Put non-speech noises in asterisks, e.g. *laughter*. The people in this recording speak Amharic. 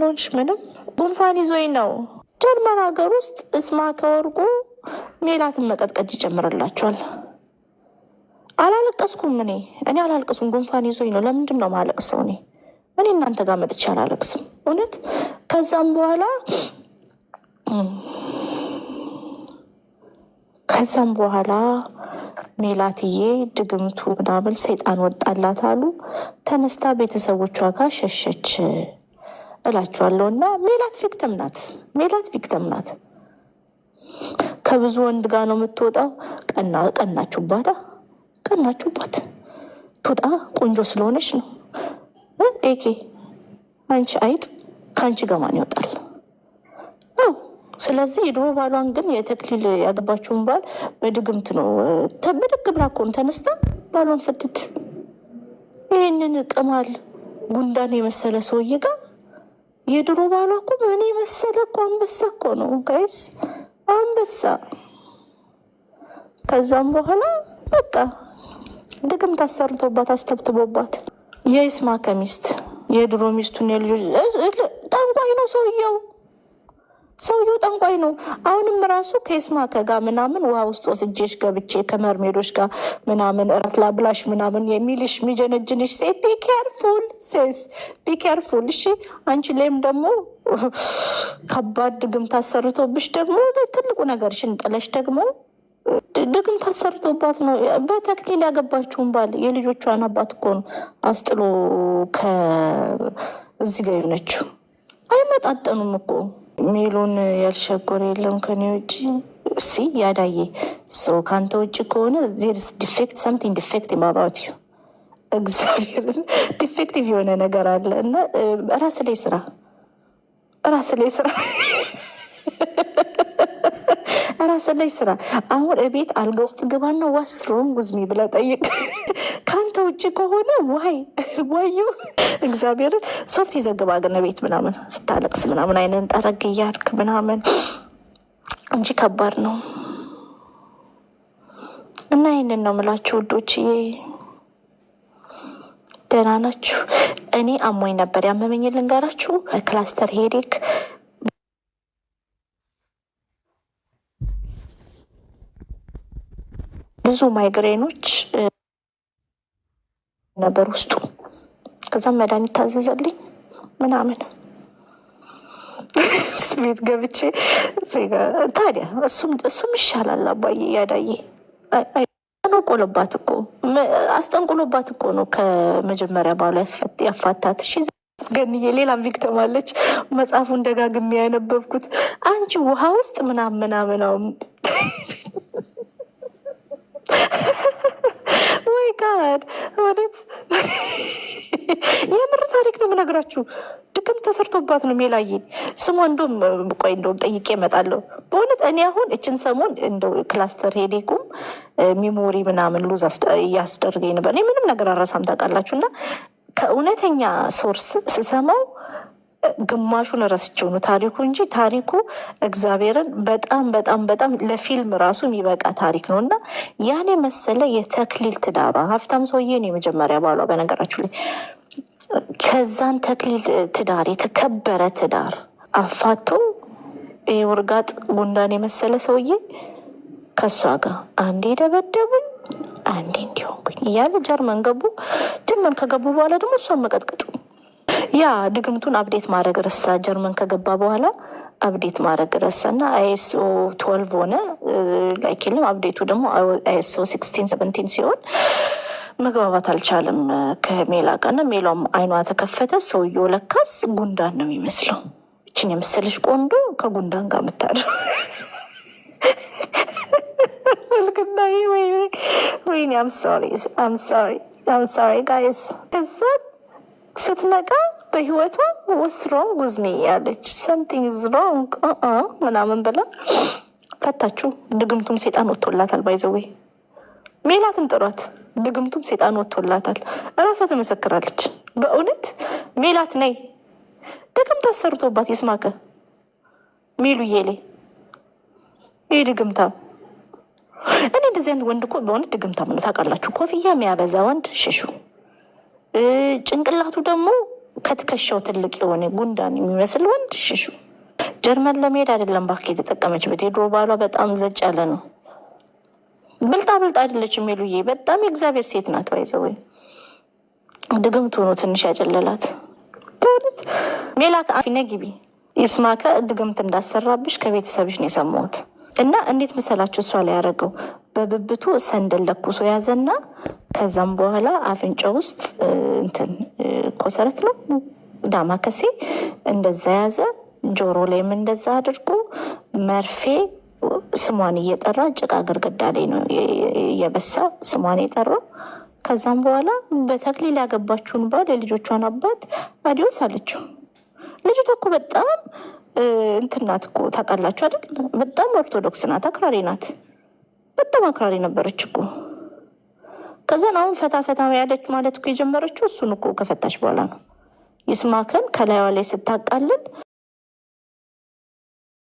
ምን ምንም ጉንፋን ይዞኝ ነው። ጀርመን ሀገር ውስጥ እስማ ከወርቁ ሜላትን መቀጥቀጅ ይጨምርላቸዋል። አላለቀስኩም። እኔ እኔ አላለቀስኩም። ጉንፋን ይዞኝ ነው። ለምንድን ነው ማለቅሰው? እኔ እኔ እናንተ ጋር መጥቼ አላለቅስም እውነት። ከዛም በኋላ ከዛም በኋላ ሜላትዬ ድግምቱ ምናምን ሰይጣን ወጣላት አሉ። ተነስታ ቤተሰቦቿ ጋር ሸሸች። እላችኋለሁ። እና ሜላት ቪክተም ናት፣ ሜላት ቪክተም ናት። ከብዙ ወንድ ጋር ነው የምትወጣው። ቀናችሁባታ፣ ቀናችሁባት። ትወጣ ቆንጆ ስለሆነች ነው። ኤኬ አንቺ አይጥ ከአንቺ ጋር ማን ይወጣል? አዎ። ስለዚህ የድሮ ባሏን ግን የተክሊል ያገባችውን ባል በድግምት ነው በድግ ብላ እኮ ተነስታ ባሏን ፍትት። ይህንን ቅማል ጉንዳን የመሰለ ሰውዬ ጋር የድሮ ባሏ እኮ እኔ መሰለ እኮ አንበሳ እኮ ነው ጋይስ፣ አንበሳ። ከዛም በኋላ በቃ ድግም ታሰርቶባት አስተብትቦባት የይስማ ከሚስት የድሮ ሚስቱን የልጆች ጠንቋይ ነው ሰውየው። ሰውየው ጠንቋይ ነው። አሁንም ራሱ ከስማከ ጋር ምናምን ውሃ ውስጥ ወስጄሽ ገብቼ ከመርሜዶች ጋር ምናምን እረት ላብላሽ ምናምን የሚልሽ የሚጀነጅንሽ ሴት ቢኬርፉል ሴስ ቢኬርፉል። እሺ አንቺ ላይም ደግሞ ከባድ ድግም ታሰርቶብሽ ደግሞ ትልቁ ነገር ጥለሽ ደግሞ ድግም ታሰርቶባት ነው በተክሊል ያገባችውን ባል የልጆቿን አባት እኮ ነው አስጥሎ ከዚህ ጋር የሆነችው። አይመጣጠኑም እኮ ሜሎን ያልሻጎረ የለም ከኔ ውጭ። ሲ ያዳዬ ሰው ከአንተ ውጭ ከሆነ ዜርስ ዲፌክት ሰምቲንግ ዲፌክት ማባት ዩ እግዚአብሔርን ዲፌክቲቭ የሆነ ነገር አለ እና ራስ ላይ ስራ ራስ ላይ ስራ ራስ ላይ ስራ። አሁን እቤት አልጋ ውስጥ ግባና ዋስ ሮንግ ውዝ ብላ ጠይቅ። ከአንተ ውጭ ከሆነ ዋይ ዋዩ እግዚአብሔርን ሶፍት ይዘግባ ግን እቤት ምናምን ስታለቅስ ምናምን አይነን ጠረግ እያልክ ምናምን እንጂ ከባድ ነው እና ይህንን ነው ምላችሁ ውዶች። ደህና ናችሁ? እኔ አሞኝ ነበር። ያመመኝ ልንገራችሁ፣ ክላስተር ሄዴክ ብዙ ማይግሬኖች ነበር ውስጡ። ከዛም መድኃኒት ታዘዘልኝ ምናምን *laughs* ቤት ገብቼ ታዲያ እሱም ይሻላል አባዬ ያዳዬ አስጠንቆሎባት እኮ አስጠንቁሎባት እኮ ነው ከመጀመሪያ ባሉ ያፋታት። እሺ ገንዬ ሌላም ቪክተም አለች። መጽሐፉን ደጋግሜ ያነበብኩት አንቺ ውሃ ውስጥ ምናምን ምናምናው ማድ ማለት የምር ታሪክ ነው የምነግራችሁ። ድግም ተሰርቶባት ነው ሜላዬ ስሟ። እንደውም ቆይ እንደውም ጠይቄ እመጣለሁ። በእውነት እኔ አሁን እችን ሰሞን እንደው ክላስተር ሄዴኩም ሚሞሪ ምናምን ሉዝ እያስደርገኝ ነበር። ምንም ነገር አረሳም ታውቃላችሁ። እና ከእውነተኛ ሶርስ ስሰማው ግማሹን ረስቼው ነው ታሪኩ እንጂ ታሪኩ እግዚአብሔርን በጣም በጣም በጣም ለፊልም ራሱ የሚበቃ ታሪክ ነው እና ያኔ መሰለ የተክሊል ትዳሯ ሀብታም ሰውዬ ነው የመጀመሪያ ባሏ በነገራችሁ ላይ ከዛን ተክሊል ትዳር የተከበረ ትዳር አፋቶ የውርጋጥ ጉንዳን የመሰለ ሰውዬ ከእሷ ጋር አንዴ ደበደቡኝ፣ አንዴ እንዲሆንኩኝ እያለ ጀርመን ገቡ። ጀርመን ከገቡ በኋላ ደግሞ እሷን መቀጥቀጥ ያ ድግምቱን አብዴት ማድረግ ረሳ። ጀርመን ከገባ በኋላ አብዴት ማድረግ ረሳ እና አይኤስኦ ትወልቭ ሆነ ላይክ የለም። አብዴቱ ደግሞ አይኤስኦ ሲክስቲን ሰቨንቲን ሲሆን መግባባት አልቻለም ከሜላ ጋር እና ሜላውም አይኗ ተከፈተ። ሰውየው ለካስ ጉንዳን ነው የሚመስለው። ይችን የመሰለች ቆንጆ ከጉንዳን ጋር ምታድ ልክና ወይ ወይ አም ሶሪ አም ሶሪ አም ሶሪ ጋይስ ከዛ ስትነቃ በህይወቷ ወስሮን ጉዝሜ ያለች ሰምቲንግ ሮንግ ምናምን ብላ ፈታችሁ። ድግምቱም ሴጣን ወጥቶላታል። ባይዘዌ ሜላትን ጥሯት። ድግምቱም ሴጣን ወጥቶላታል። እራሷ ትመሰክራለች። በእውነት ሜላት ነይ ድግምት አሰርቶባት ይስማከ ሚሉ ላይ ይህ ድግምታ እኔ እንደዚህ አይነት ወንድ እኮ በእውነት ድግምታ ነው። ታውቃላችሁ ኮፍያ የሚያበዛ ወንድ ሽሹ ጭንቅላቱ ደግሞ ከትከሻው ትልቅ የሆነ ጉንዳን የሚመስል ወንድ ሽሹ። ጀርመን ለመሄድ አይደለም ባክ የተጠቀመችበት። የድሮ ባሏ በጣም ዘጭ ያለ ነው። ብልጣ ብልጥ አይደለች የሚሉዬ በጣም የእግዚአብሔር ሴት ናት። ባይዘወ ድግምት ሆኖ ትንሽ ያጨለላት። በእውነት ግቢ ይስማከ ድግምት እንዳሰራብሽ ከቤተሰብሽ ነው የሰማሁት። እና እንዴት መሰላችሁ እሷ ላይ ያደረገው በብብቱ ሰንደል ለኩሶ ያዘና ከዛም በኋላ አፍንጫ ውስጥ እንትን ኮሰረት ነው ዳማከሴ እንደዛ ያዘ። ጆሮ ላይም እንደዛ አድርጎ መርፌ ስሟን እየጠራ ጭቃ ግርግዳ ላይ ነው እየበሳ ስሟን የጠራው። ከዛም በኋላ በተክሊል ያገባችውን ባል የልጆቿን አባት አዲዮስ አለችው። ልጅቷ እኮ በጣም እንትናት እኮ ታውቃላችሁ አይደል? በጣም ኦርቶዶክስ ናት፣ አክራሪ ናት። በጣም አክራሪ ነበረች እኮ። ከዛን አሁን ፈታ ፈታ ያለች ማለት እኮ የጀመረችው እሱን እኮ ከፈታች በኋላ ነው። ይስማከን ከላይዋ ላይ ስታቃልል